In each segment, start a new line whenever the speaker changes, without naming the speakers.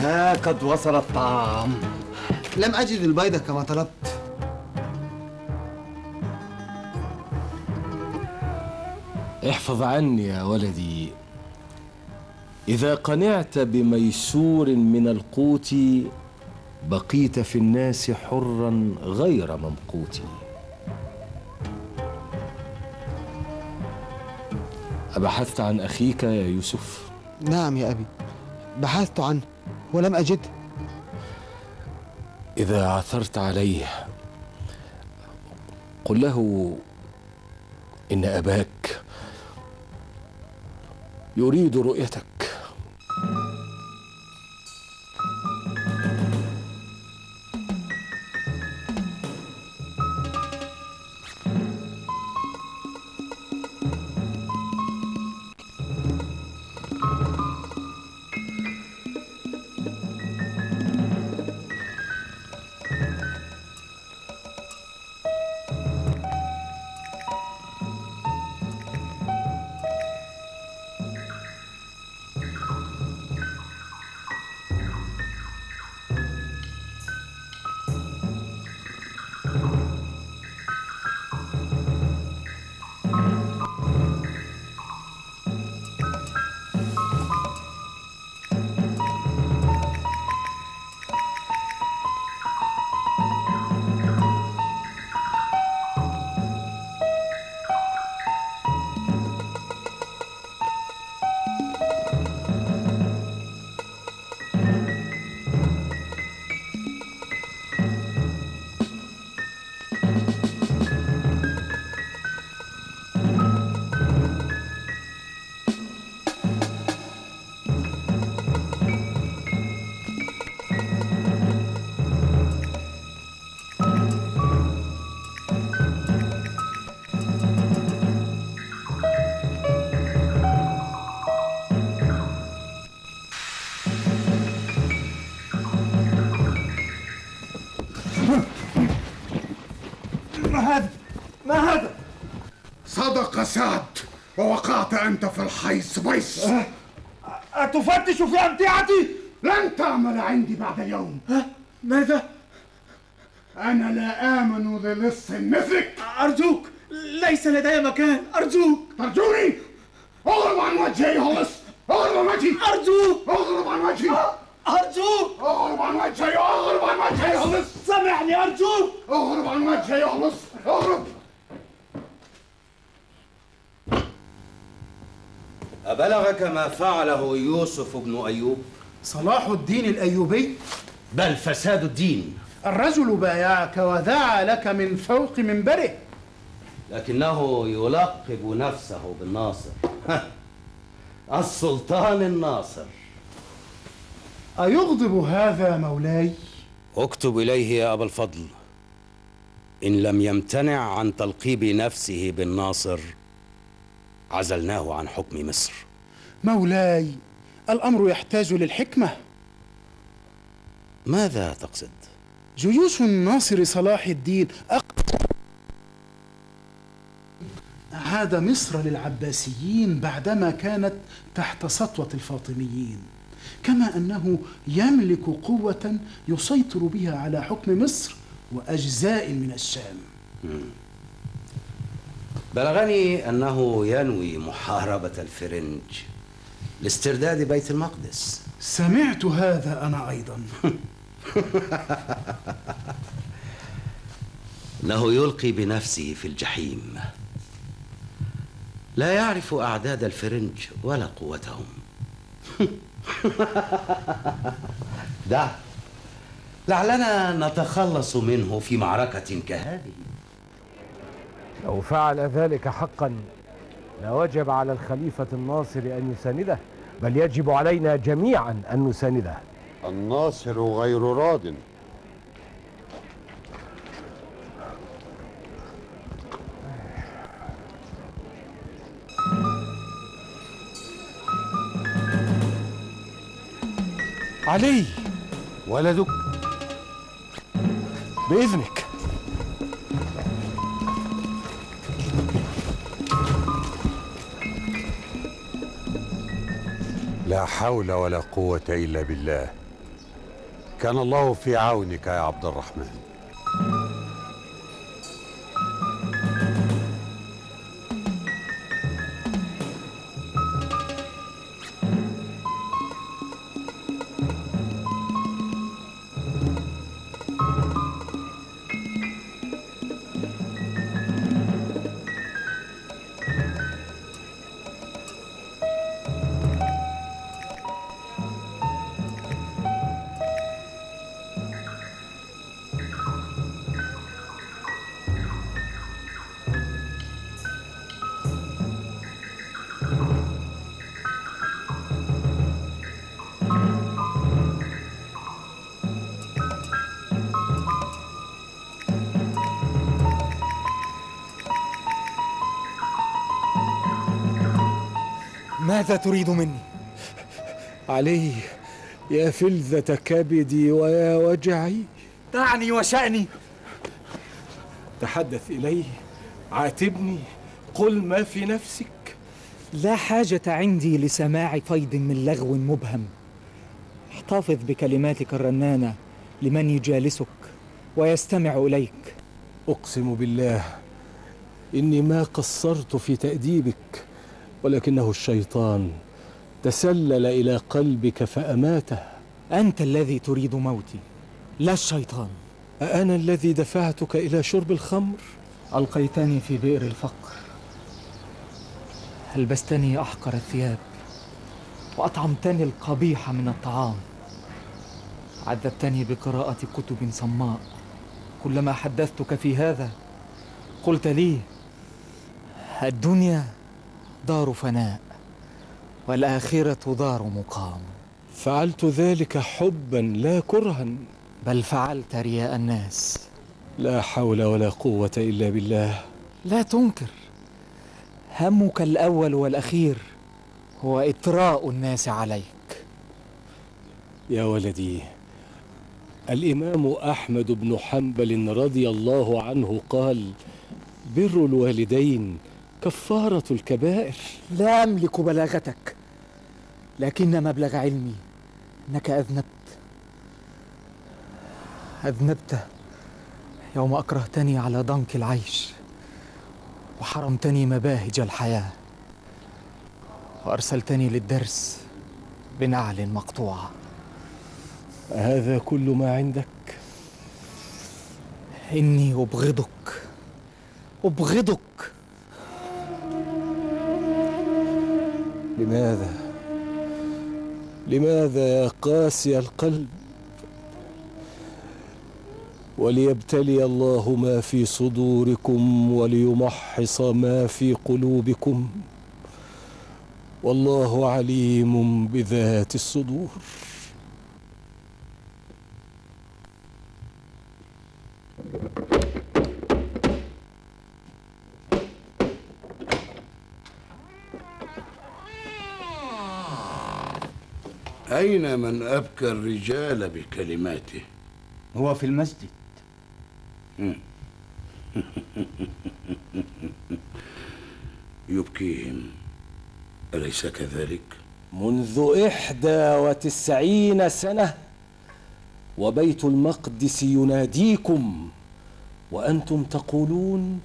ها قد وصل الطعام لم أجد البيضة كما طلبت احفظ عني يا ولدي إذا قنعت بميسور من القوت بقيت في الناس حرا غير ممقوت أبحثت عن أخيك يا يوسف؟
نعم يا أبي بحثت عنه ولم أجد
إذا عثرت عليه قل له إن أباك يريد رؤيتك
ووقعت أنت في الحيص بيص أه؟ أتفتش في أمتعتي؟ لن تعمل عندي بعد اليوم أه؟ ماذا؟ أنا لا آمن للص مثلك أرجوك ليس لدي مكان أرجوك ترجوني؟ اغرب عن وجهي يا لص اغرب عن وجهي أرجوك اغرب عن وجهي أرجوك اغرب عن وجهي اغرب عن وجهي يا لص سامحني أرجوك اغرب عن وجهي يا لص اغرب
بلغك ما فعله يوسف
بن أيوب؟ صلاح الدين الأيوبي؟ بل فساد الدين الرجل بايعك ودعا لك من فوق منبره
لكنه
يلقب
نفسه بالناصر السلطان الناصر
أيغضب هذا مولاي؟
اكتب إليه يا أبا الفضل إن لم يمتنع عن تلقيب نفسه بالناصر عزلناه عن حكم مصر
مولاي الامر يحتاج للحكمه ماذا تقصد جيوش الناصر صلاح الدين أقطع عاد مصر للعباسيين بعدما كانت تحت سطوة الفاطميين كما أنه يملك قوة يسيطر بها على حكم مصر وأجزاء من الشام
بلغني أنه ينوي محاربة الفرنج لاسترداد بيت
المقدس سمعت هذا أنا أيضا
إنه يلقي بنفسه في الجحيم لا يعرف أعداد الفرنج ولا قوتهم ده لعلنا نتخلص منه في معركة كهذه
لو فعل ذلك حقا
لا وجب على الخليفة الناصر أن يسانده بل يجب علينا جميعا أن نسانده
الناصر غير راضٍ
علي ولدك بإذنك
لا حول ولا قوة إلا بالله كان الله في عونك يا عبد الرحمن
تريد مني
علي يا فلذة كبدي ويا وجعي دعني وشأني تحدث إلي عاتبني قل
ما في نفسك لا حاجة عندي لسماع فيض من لغو مبهم احتفظ بكلماتك الرنانة لمن يجالسك ويستمع إليك أقسم بالله إني ما قصرت
في تأديبك ولكنه الشيطان تسلل إلى قلبك
فأماته أنت الذي تريد موتي لا الشيطان أأنا الذي دفعتك إلى شرب الخمر؟ ألقيتني في بئر الفقر ألبستني أحقر الثياب وأطعمتني القبيح من الطعام عذبتني بقراءة كتب صماء كلما حدثتك في هذا قلت لي الدنيا دار فناء والآخرة دار مقام فعلت ذلك حبا لا كرها بل فعلت رياء الناس
لا حول ولا قوة إلا بالله
لا تنكر همك الأول والأخير هو إطراء الناس عليك
يا ولدي الإمام أحمد بن حنبل رضي الله عنه قال بر الوالدين
كفارة الكبائر لا أملك بلاغتك لكن مبلغ علمي أنك أذنبت أذنبت يوم أكرهتني على ضنك العيش وحرمتني مباهج الحياة وأرسلتني للدرس بنعل مقطوعة هذا كل ما عندك إني أبغضك أبغضك
لماذا لماذا يا قاسي القلب وليبتلي الله ما في صدوركم وليمحص ما في قلوبكم والله عليم بذات الصدور
أين من أبكى الرجال بكلماته
هو في المسجد
يبكيهم أليس كذلك؟ منذ إحدى وتسعين سنة وبيت المقدس يناديكم وأنتم تقولون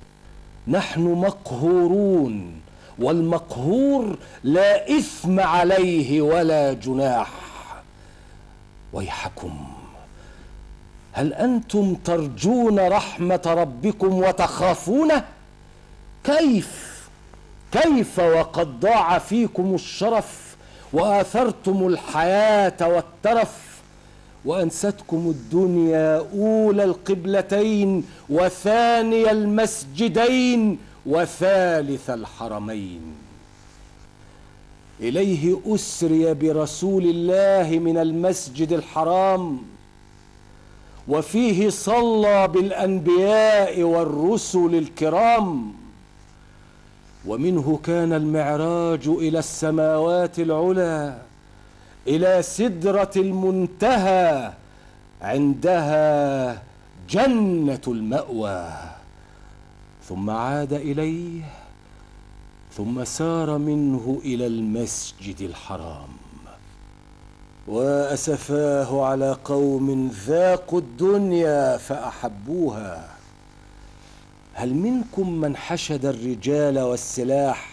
نحن مقهورون والمقهور لا إثم عليه ولا جناح ويحكم هل انتم ترجون رحمه ربكم وتخافونه كيف كيف وقد ضاع فيكم الشرف واثرتم الحياه والترف وانستكم الدنيا اولى القبلتين وثاني المسجدين وثالث الحرمين إليه أسري برسول الله من المسجد الحرام وفيه صلى بالأنبياء والرسل الكرام ومنه كان المعراج إلى السماوات العلى إلى سدرة المنتهى عندها جنة المأوى ثم عاد إليه ثم سار منه الى المسجد الحرام واسفاه على قوم ذاقوا الدنيا فاحبوها هل منكم من حشد الرجال والسلاح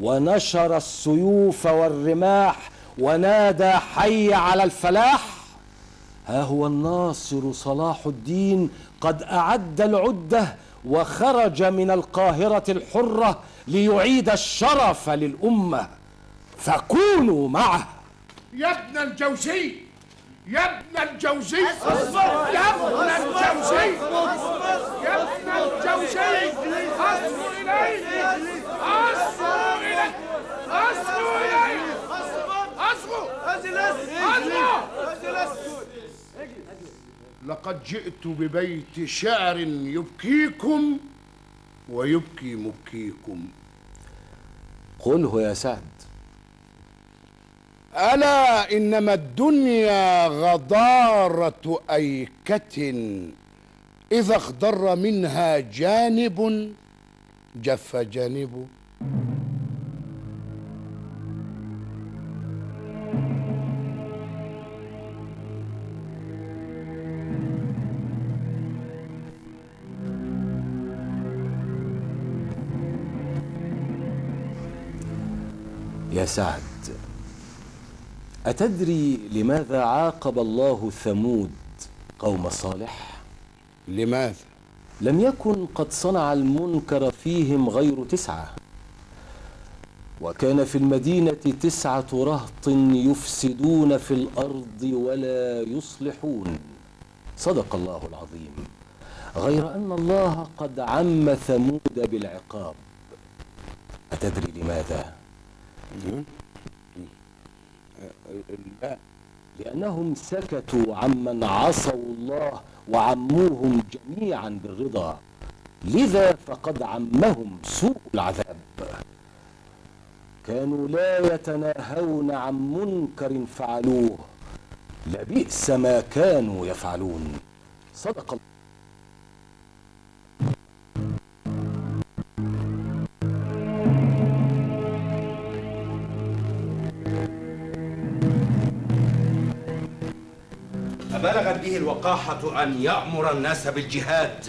ونشر السيوف والرماح ونادى حي على الفلاح ها هو الناصر صلاح الدين قد اعد العده وخرج من القاهرة الحرة ليعيد الشرف للأمة فكونوا معه
يا ابن الجوزي يا ابن الجوزي يا ابن الجوزي يا ابن الجوزي
أصغوا
إليه أصغوا إليه أصغوا إليه أصغوا أصغوا
لقد جئت ببيت شعر يبكيكم ويبكي مبكيكم قله يا سعد ألا إنما الدنيا غضارة أيكة إذا اخضر منها جانب جف جانبه
يا سعد أتدري لماذا عاقب الله ثمود قوم صالح لماذا لم يكن قد صنع المنكر فيهم غير تسعة وكان في المدينة تسعة رهط يفسدون في الأرض ولا يصلحون صدق الله العظيم غير أن الله قد عم ثمود بالعقاب أتدري لماذا؟ لا لأنهم سكتوا عمن عصوا الله وعموهم جميعا بالرضا لذا فقد عمهم سوء العذاب كانوا لا يتناهون عن منكر فعلوه لبئس ما كانوا يفعلون صدق الله
أبلغت به الوقاحة أن يأمر الناس بالجهاد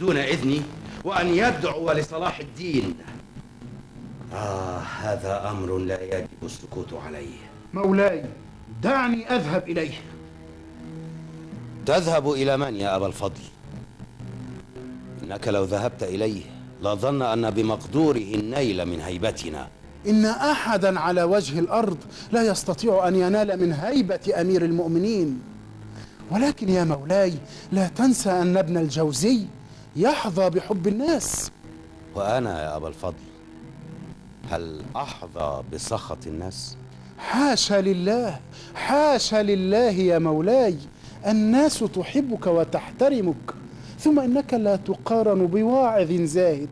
دون إذني وأن يدعو لصلاح الدين آه هذا أمر لا يجب السكوت عليه
مولاي دعني أذهب إليه
تذهب إلى من يا أبا الفضل؟ إنك لو ذهبت إليه لظن أن بمقدوره النيل من هيبتنا
إن أحدا على وجه الأرض لا يستطيع أن ينال من هيبة أمير المؤمنين ولكن يا مولاي لا تنسى أن ابن الجوزي يحظى بحب الناس
وأنا يا أبا الفضل هل أحظى بسخط الناس؟
حاشا لله حاشا لله يا مولاي الناس تحبك وتحترمك ثم إنك لا تقارن بواعظ زاهد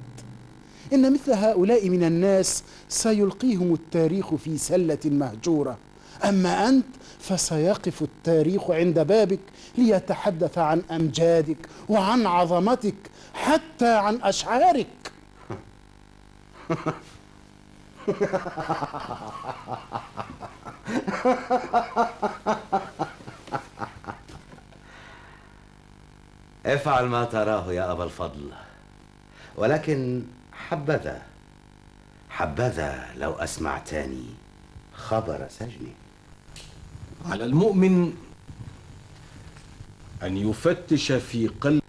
إن مثل هؤلاء من الناس سيلقيهم التاريخ في سلة مهجورة أما أنت فسيقف التاريخ عند بابك ليتحدث عن أمجادك وعن عظمتك حتى عن أشعارك
افعل ما تراه يا أبا الفضل ولكن حبذا حبذا لو أسمعتني خبر سجنك
على المؤمن أن يفتش في قلب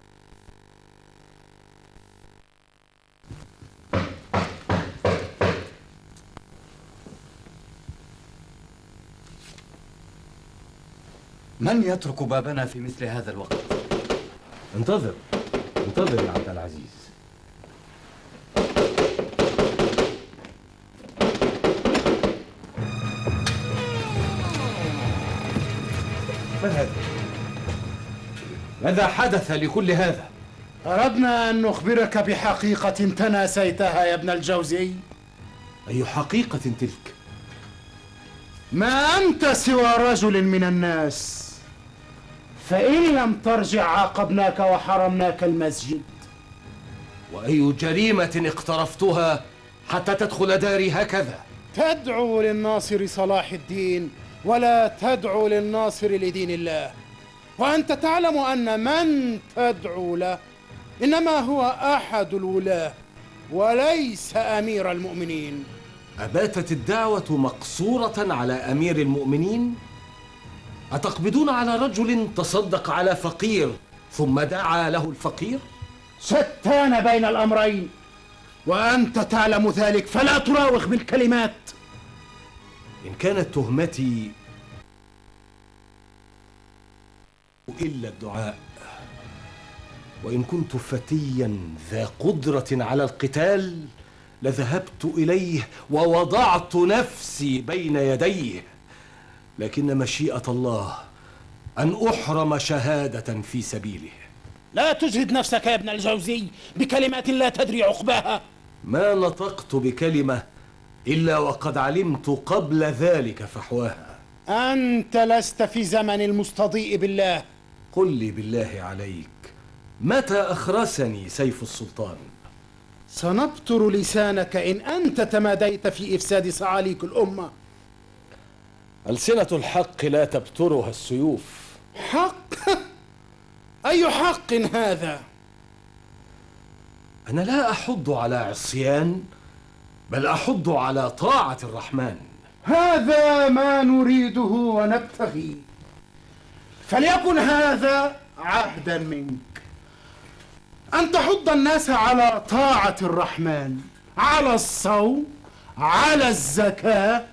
من يترك بابنا في مثل هذا الوقت؟ انتظر
انتظر يا عبد العزيز
ماذا حدث لكل هذا أردنا أن نخبرك بحقيقة تناسيتها يا ابن الجوزي أي حقيقة تلك؟ ما أنت سوى رجل من الناس فإن لم ترجع عاقبناك وحرمناك المسجد
وأي جريمة اقترفتها حتى
تدخل داري هكذا تدعو للناصر صلاح الدين ولا تدعو للناصر لدين الله وأنت تعلم أن من تدعو له إنما هو أحد الولاة وليس أمير المؤمنين
أباتت الدعوة مقصورة على أمير المؤمنين؟ أتقبضون على رجل تصدق على فقير ثم دعا له
الفقير؟ شتان بين الأمرين وأنت تعلم ذلك فلا تراوغ بالكلمات إن كانت تهمتي
إلا الدعاء وإن كنت فتيا ذا قدرة على القتال لذهبت إليه ووضعت نفسي بين يديه لكن مشيئة الله أن أحرم شهادة في سبيله لا تجهد نفسك يا ابن الجوزي بكلمات لا تدري عقباها ما نطقت بكلمة إلا وقد علمت قبل ذلك فحواها
أنت لست في زمن المستضيء بالله قل لي بالله عليك متى أخرسني سيف السلطان سنبتر لسانك إن أنت تماديت في إفساد صعاليك الأمة
ألسنة الحق لا تبترها السيوف
حق؟ أي حق هذا؟
أنا لا أحض على عصيان بل أحض على
طاعة الرحمن هذا ما نريده ونبتغيه فليكن هذا عهدا منك أن تحض الناس على طاعة الرحمن على الصوم على الزكاة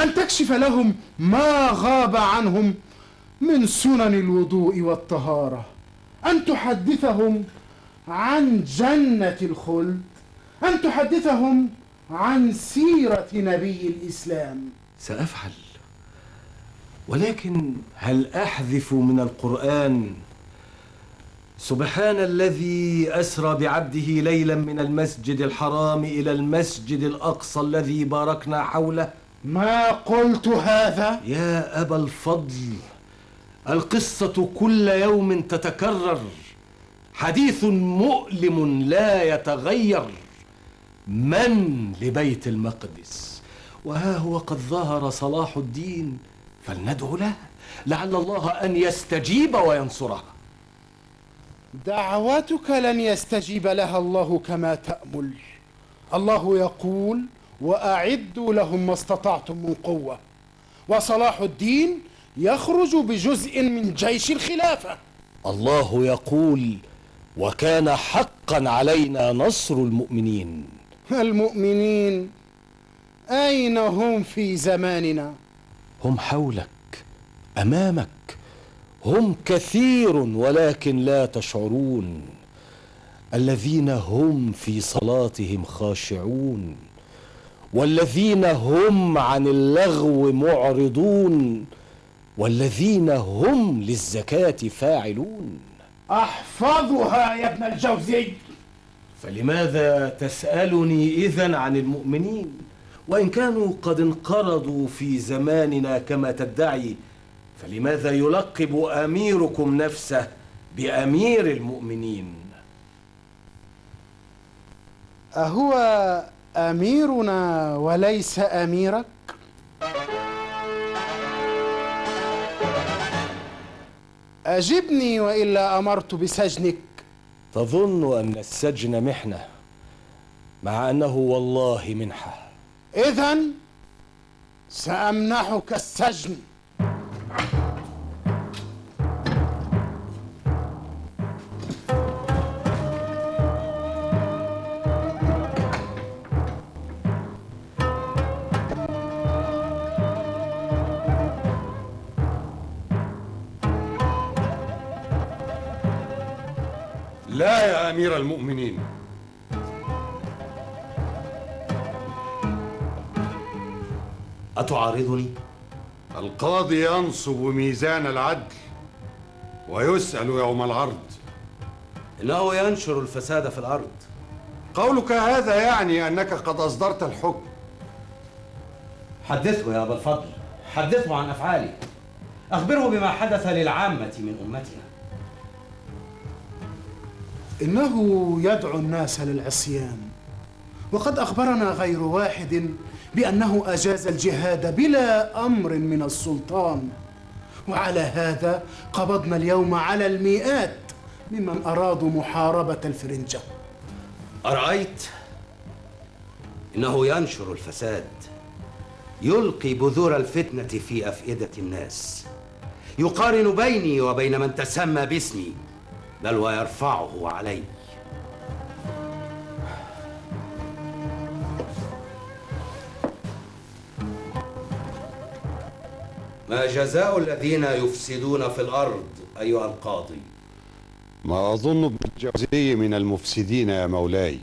أن تكشف لهم ما غاب عنهم من سنن الوضوء والطهارة أن تحدثهم عن جنة الخلد أن تحدثهم عن سيرة نبي الإسلام
سأفعل ولكن هل أحذف من القرآن سبحان الذي أسرى بعبده ليلا من المسجد الحرام إلى المسجد الأقصى الذي باركنا حوله ما قلت هذا يا أبا الفضل القصة كل يوم تتكرر حديث مؤلم لا يتغير من لبيت المقدس وها هو قد ظهر صلاح الدين
فلندعو لها لعل الله أن يستجيب وينصرها دعوتك لن يستجيب لها الله كما تأمل الله يقول وأعدوا لهم ما استطعتم من قوة وصلاح الدين يخرج بجزء من جيش الخلافة
الله يقول وكان حقا علينا نصر المؤمنين
المؤمنين أين هم في زماننا؟
هم حولك امامك هم كثير ولكن لا تشعرون الذين هم في صلاتهم خاشعون والذين هم عن اللغو معرضون والذين هم للزكاه فاعلون
احفظها يا ابن الجوزي
فلماذا تسالني اذا عن المؤمنين وإن كانوا قد انقرضوا في زماننا كما تدعي فلماذا يلقب أميركم نفسه بأمير
المؤمنين أهو أميرنا وليس أميرك؟ أجبني وإلا أمرت بسجنك
تظن أن السجن محنة مع أنه والله منحه
إذا سأمنحك السجن
لا يا أمير المؤمنين أتعارضني؟ القاضي ينصب ميزان العدل ويسأل يوم العرض إنه ينشر الفساد في الأرض قولك هذا يعني أنك قد
أصدرت الحكم حدثه يا أبا الفضل حدثه عن أفعالي أخبره بما حدث للعامة من أمتنا
إنه يدعو الناس للعصيان وقد أخبرنا غير واحد بأنه أجاز الجهاد بلا أمر من السلطان وعلى هذا قبضنا اليوم على المئات ممن أرادوا محاربة الفرنجة
أرأيت؟ إنه ينشر الفساد يلقي بذور الفتنة في أفئدة الناس يقارن بيني وبين من تسمى باسمي بل ويرفعه علي ما جزاء الذين يفسدون في الأرض أيها القاضي
ما أظن بالجوزي من المفسدين يا مولاي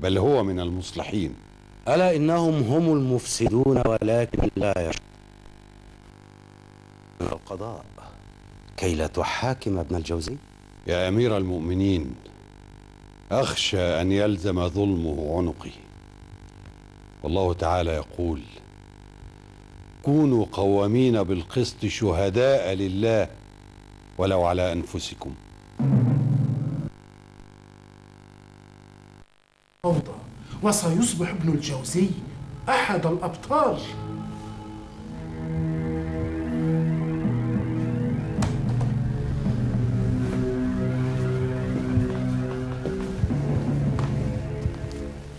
بل هو من المصلحين
ألا إنهم هم المفسدون ولكن لا يشعرون
القضاء كي لا تحاكم ابن الجوزي يا أمير المؤمنين أخشى أن يلزم ظلمه عنقي والله تعالى يقول كونوا قوامين بالقسط شهداء لله ولو على أنفسكم
فوضى وسيصبح ابن الجوزي أحد الأبطال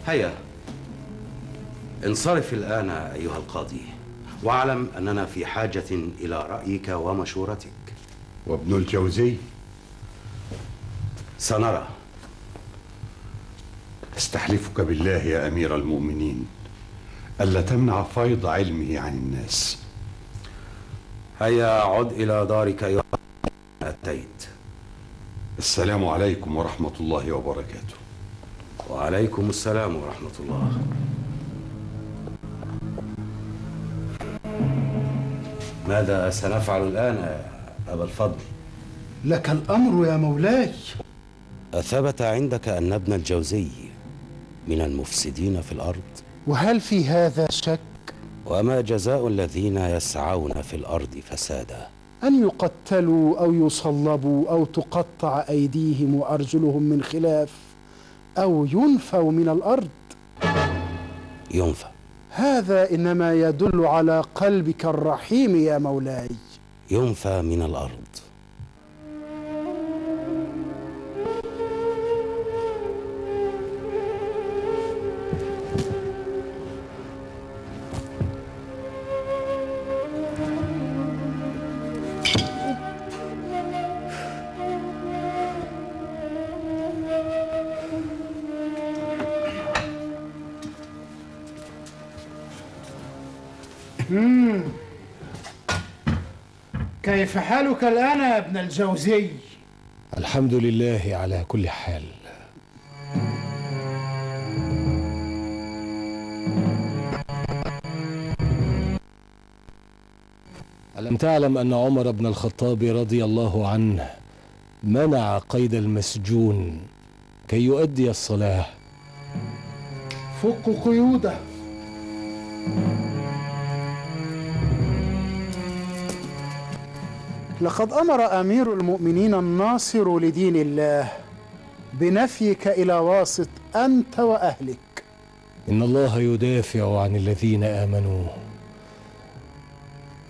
هيا انصرف الآن أيها القاضي واعلم أننا في حاجة إلى رأيك ومشورتك
وابن الجوزي سنرى استحلفك بالله يا أمير المؤمنين ألا تمنع فيض علمه عن الناس هيا عد إلى دارك يا أتيت السلام عليكم ورحمة الله وبركاته وعليكم السلام ورحمة الله ماذا
سنفعل الآن يا أبا الفضل؟
لك الأمر يا مولاي
أثبت عندك أن ابن الجوزي من المفسدين في الأرض؟ وهل في هذا شك؟ وما جزاء الذين يسعون في الأرض فسادا؟
أن يقتلوا أو يصلبوا أو تقطع أيديهم وأرجلهم من خلاف أو ينفوا من الأرض ينفى هذا انما يدل على قلبك الرحيم يا مولاي
ينفى من الارض
كيف حالك الآن يا ابن الجوزي؟
الحمد لله على كل حال ألم تعلم أن عمر بن الخطاب رضي الله عنه منع قيد المسجون كي يؤدي الصلاة
فك قيوده لقد امر امير المؤمنين الناصر لدين الله بنفيك الى واسط انت واهلك
ان الله يدافع عن الذين امنوا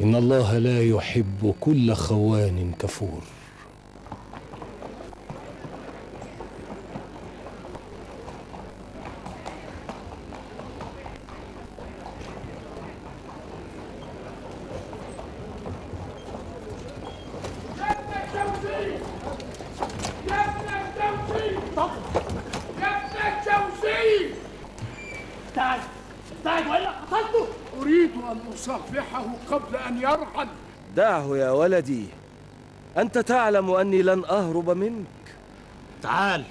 ان الله لا يحب كل خوان كفور دعه يا ولدي أنت تعلم أني لن أهرب منك تعال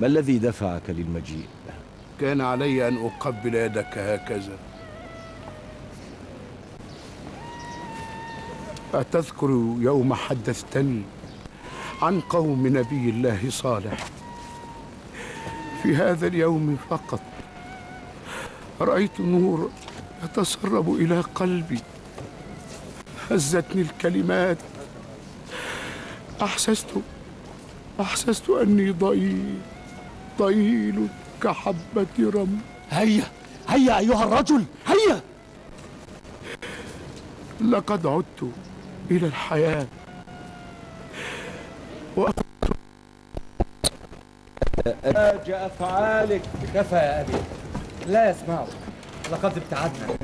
ما الذي دفعك للمجيء؟
كان علي أن أقبل يدك هكذا أتذكر يوم حدثتني عن قوم نبي الله صالح في هذا اليوم فقط رأيت نور يتسرب إلى قلبي هزتني الكلمات أحسست أحسست أني ضئيل ضئيل كحبة رمل هيا هيا أيها الرجل هيا لقد عدت إلى الحياة وأخذت
أفعالك كفى يا أبي لا يسمعك لقد ابتعدنا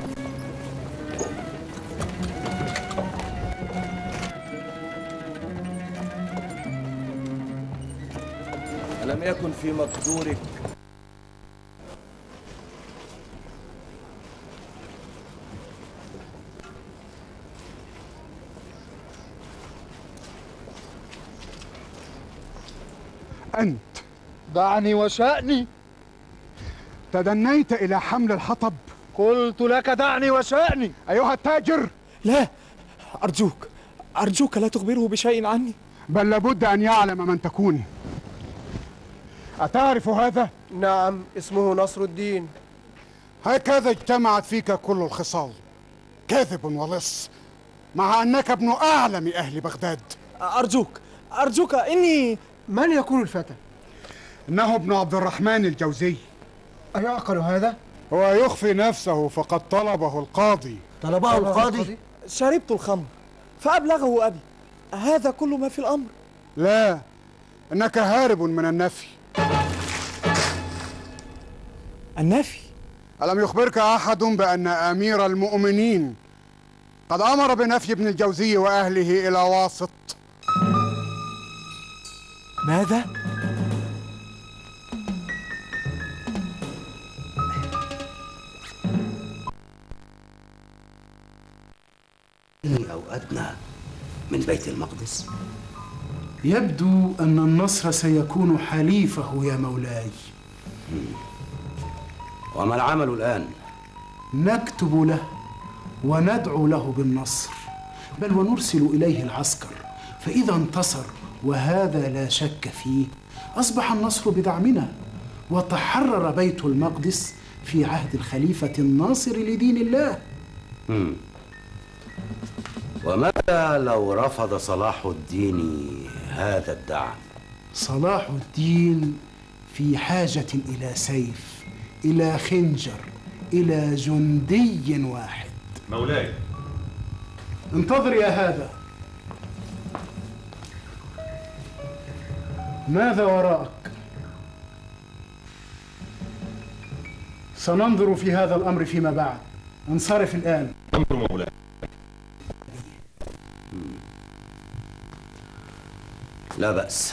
ألم يكن في مقدورك
أنت دعني وشأني تدنيت إلى حمل الحطب قلت لك دعني وشأني أيها التاجر لا أرجوك أرجوك لا تخبره بشيء عني بل لابد أن يعلم من تكون أتعرف هذا؟ نعم اسمه نصر الدين هكذا اجتمعت فيك كل الخصال كاذب ولص مع أنك ابن أعلم أهل بغداد أرجوك أرجوك إني من يكون الفتى؟ إنه ابن عبد الرحمن الجوزي أيعقل هذا؟ هو يخفي نفسه فقد طلبه القاضي طلبه القاضي شربت الخمر فأبلغه أبي هذا كل ما في الأمر لا إنك هارب من النفي النفي ألم يخبرك أحد بأن أمير المؤمنين قد أمر بنفي ابن الجوزي وأهله إلى واسط ماذا؟
أدنى من بيت المقدس
يبدو أن النصر سيكون حليفه يا مولاي
وما العمل الآن؟
نكتب له وندعو له بالنصر بل ونرسل إليه العسكر فإذا انتصر وهذا لا شك فيه أصبح النصر بدعمنا وتحرر بيت المقدس في عهد الخليفة الناصر لدين الله
وماذا لو رفض صلاح الدين هذا الدعم
صلاح الدين في حاجه الى سيف الى خنجر الى جندي واحد مولاي انتظر يا هذا ماذا وراءك سننظر في هذا الامر فيما بعد انصرف الان
لا بأس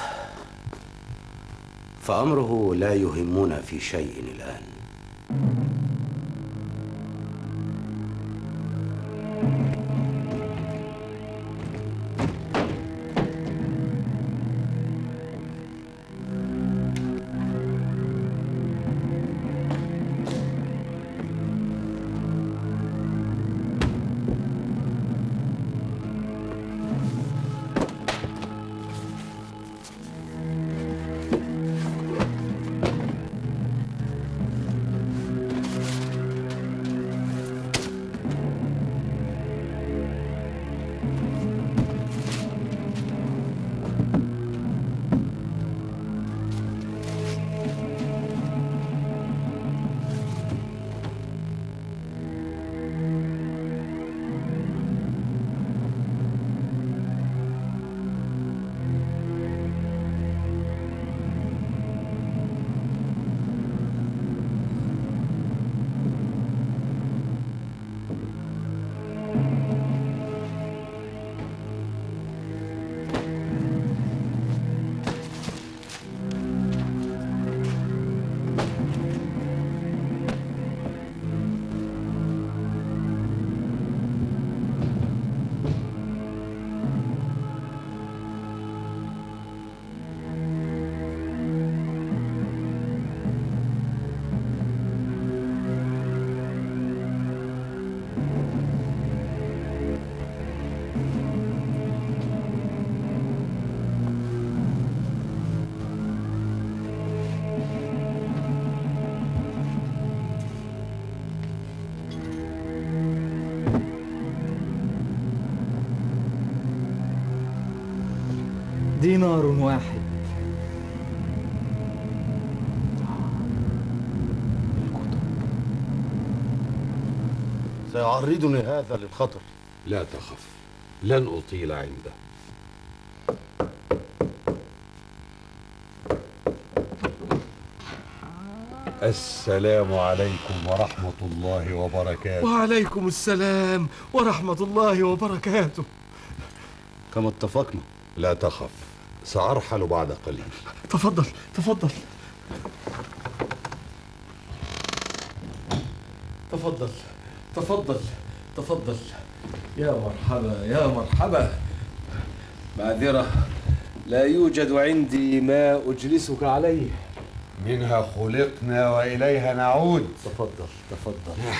فأمره لا يهمنا في شيء الآن
دينار واحد
سيعرضني هذا للخطر لا تخف لن أطيل عنده السلام عليكم ورحمة الله وبركاته
وعليكم
السلام ورحمة الله وبركاته
كما اتفقنا لا تخف سأرحل بعد قليل
تفضل تفضل تفضل تفضل
تفضل يا مرحبا يا مرحبا معذرة لا يوجد عندي ما أجلسك عليه
منها خلقنا وإليها نعود تفضل تفضل آه.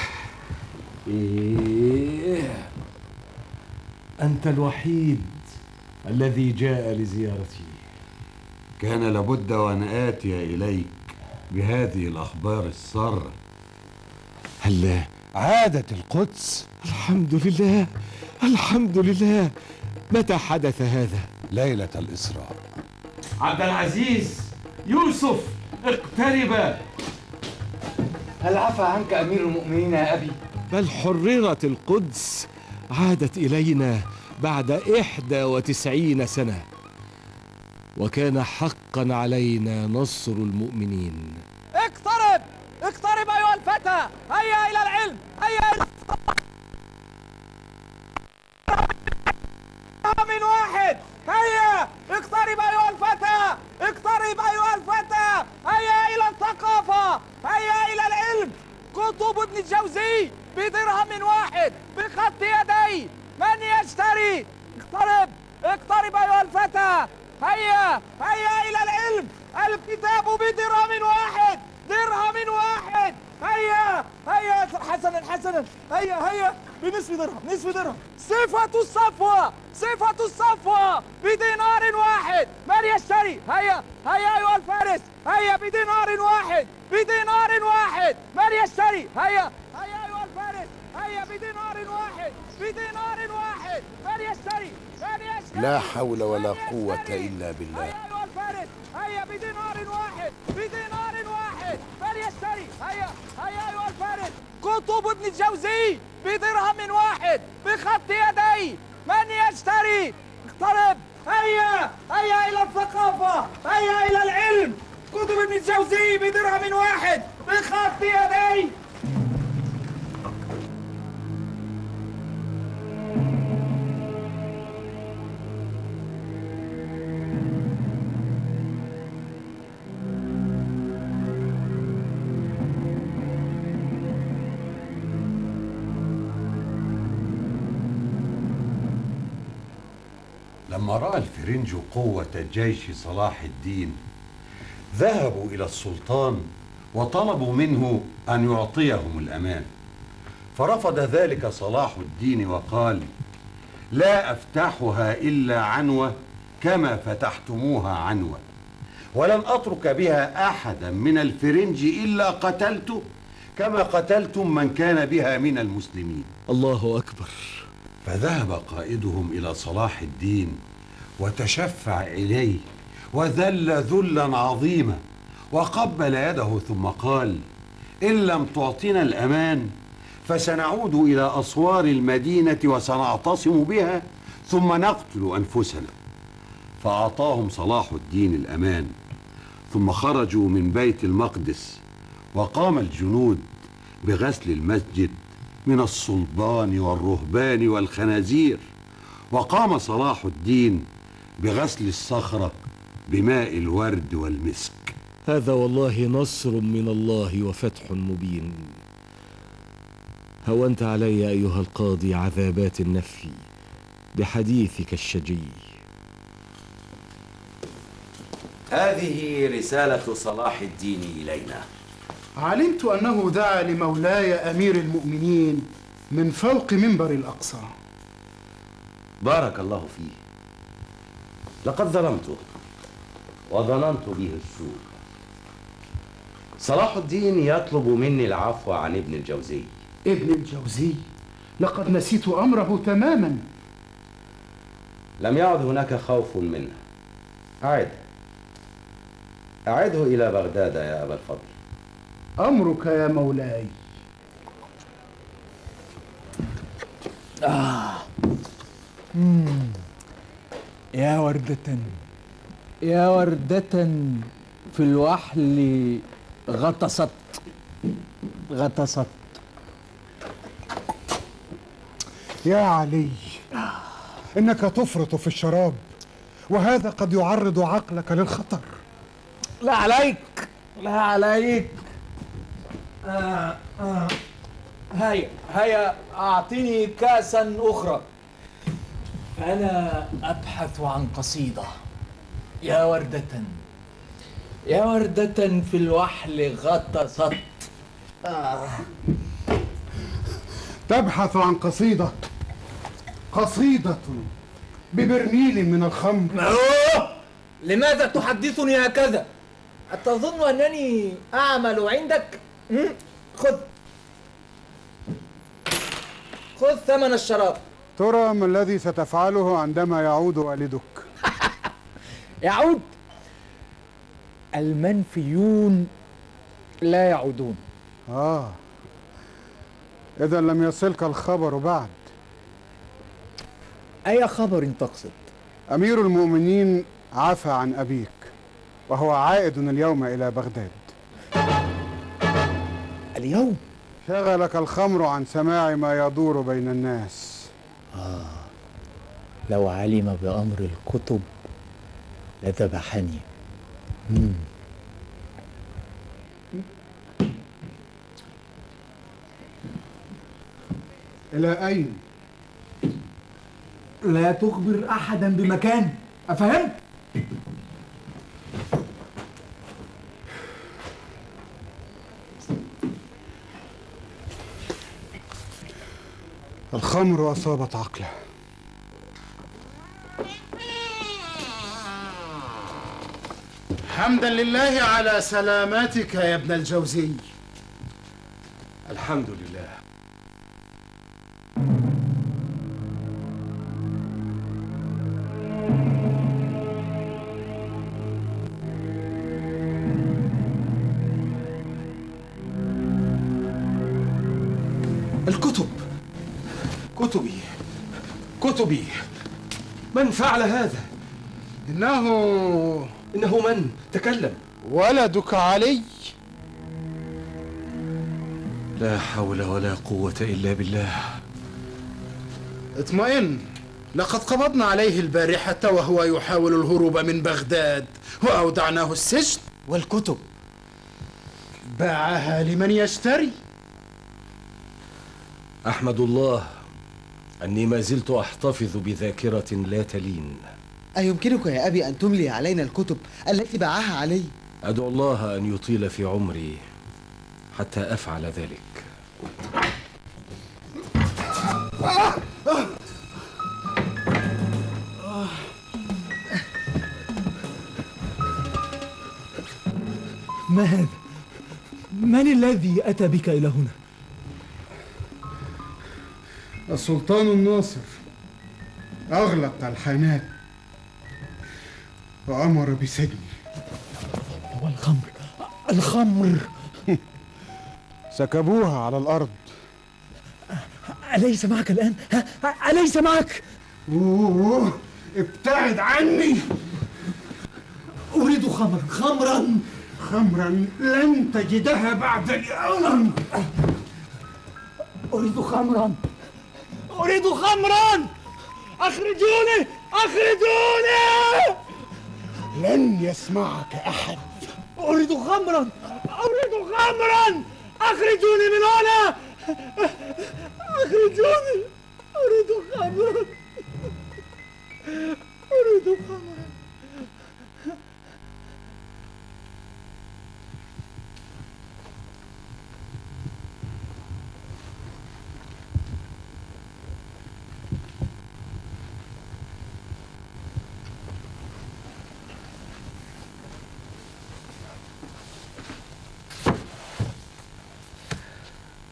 إيه
أنت الوحيد الذي جاء لزيارتي
كان لابد وأن آتي إليك بهذه الأخبار السارة هل عادت القدس؟
الحمد لله الحمد لله متى حدث هذا؟
ليلة الإسراء
عبد العزيز يوسف اقترب
هل عفى عنك أمير المؤمنين يا أبي؟
بل حررت القدس عادت إلينا بعد إحدى وتسعين سنة وكان حقا علينا نصر المؤمنين
اقترب اقترب أيها الفتى هيا إلى العلم هيا إلى من واحد هيا اقترب أيها الفتى اقترب أيها الفتى هيا إلى الثقافة هيا إلى العلم كتب ابن الجوزي بدرهم واحد بخط يدي من يشتري اقترب اقترب ايها الفتى هيا هيا الى العلم الكتاب بدرهم واحد درهم واحد هيا هيا حسنا حسنا هيا هيا بنصف درهم نصف درهم صفة الصفوة صفة الصفوة بدينار واحد من يشتري هيا هيا أيها الفارس هيا بدينار واحد بدينار واحد من يشتري هيا هيا أيها الفارس هيا بدينار واحد
بدينار واحد فليشتري فليشتري لا حول ولا قوة إلا بالله أيها الفارس
هيا بدينار واحد بدينار واحد فليشتري هيا هيا أيها الفارس كتب ابن الجوزي بدرهم واحد بخط يدي من يشتري اقترب هيا هيا إلى الثقافة هيا إلى العلم كتب ابن الجوزي بدرهم واحد بخط يدي
لما رأى الفرنج قوة جيش صلاح الدين ذهبوا إلى السلطان وطلبوا منه أن يعطيهم الأمان فرفض ذلك صلاح الدين وقال لا أفتحها إلا عنوة كما فتحتموها عنوة ولن أترك بها أحدا من الفرنج إلا قتلته كما قتلتم من كان بها من المسلمين الله أكبر فذهب قائدهم إلى صلاح الدين وتشفع إليه وذل ذلا عظيما وقبل يده ثم قال إن لم تعطنا الأمان فسنعود إلى أسوار المدينة وسنعتصم بها ثم نقتل أنفسنا فأعطاهم صلاح الدين الأمان ثم خرجوا من بيت المقدس وقام الجنود بغسل المسجد من الصلبان والرهبان والخنازير وقام صلاح الدين بغسل الصخرة بماء الورد والمسك
هذا والله نصر من الله وفتح مبين هونت علي أيها القاضي عذابات النفي بحديثك الشجي
هذه رسالة صلاح الدين إلينا
علمت أنه دعا لمولاي أمير المؤمنين من فوق منبر الأقصى
بارك الله فيه لقد ظلمته وظننت به السوء صلاح الدين يطلب مني العفو عن ابن الجوزي ابن الجوزي
لقد نسيت أمره تماما
لم يعد هناك خوف منه أعد أعده إلى بغداد يا أبا الفضل
أمرك يا مولاي آه. مم.
وردة
يا وردة في الوحل
غطست غطست يا علي إنك تفرط في الشراب وهذا قد يعرض عقلك للخطر
لا عليك لا عليك آه آه هيا هيا
أعطني كاسا أخرى فأنا أبحث عن قصيدة يا وردة يا وردة في الوحل غطست
تبحث عن قصيدة قصيدة ببرميل من الخمر أوه! لماذا تحدثني هكذا؟ أتظن أنني
أعمل عندك؟ خذ خذ ثمن الشراب
ترى ما الذي ستفعله عندما يعود والدك يعود المنفيون لا يعودون آه إذا لم يصلك الخبر بعد أي خبر تقصد؟ أمير المؤمنين عفى عن أبيك وهو عائد اليوم إلى بغداد اليوم؟ شغلك الخمر عن سماع ما يدور بين الناس لو علم بأمر الكتب لذبحني إلى أين؟ لا تخبر أحدا بمكان أفهمت؟ الخمر أصابت عقله
حمدا لله على سلامتك يا ابن الجوزي الحمد لله الكتب كتبي كتبي من فعل هذا إنه إنه من؟ تكلم ولدك علي
لا حول ولا قوة إلا بالله
اطمئن لقد قبضنا عليه البارحة وهو يحاول الهروب من بغداد وأودعناه السجن والكتب باعها لمن يشتري
أحمد الله أني ما زلت أحتفظ بذاكرة لا تلين
أيمكنك يا أبي أن تملي علينا الكتب التي باعها علي؟
أدعو الله أن يطيل في عمري حتى أفعل ذلك
ما هذا؟ من الذي أتى بك إلى هنا؟ السلطان الناصر أغلق الحانات وأمر بسجني هو الخمر سكبوها على الأرض أليس معك الآن؟ أليس معك؟ ابتعد عني أريد خمرا خمرا خمرا لن
تجدها بعد اليوم أريد خمرا أريد خمرا أخرجوني أخرجوني
لن يسمعك أحد
أريد غمرا أريد غمرا أخرجوني من هنا أخرجوني أريد غمرا أريد غمرا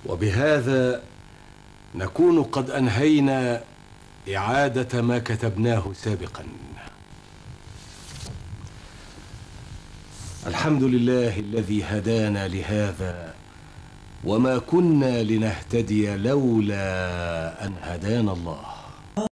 وبهذا نكون قد أنهينا إعادة ما كتبناه سابقا الحمد لله الذي هدانا لهذا وما كنا لنهتدي لولا أن هدانا الله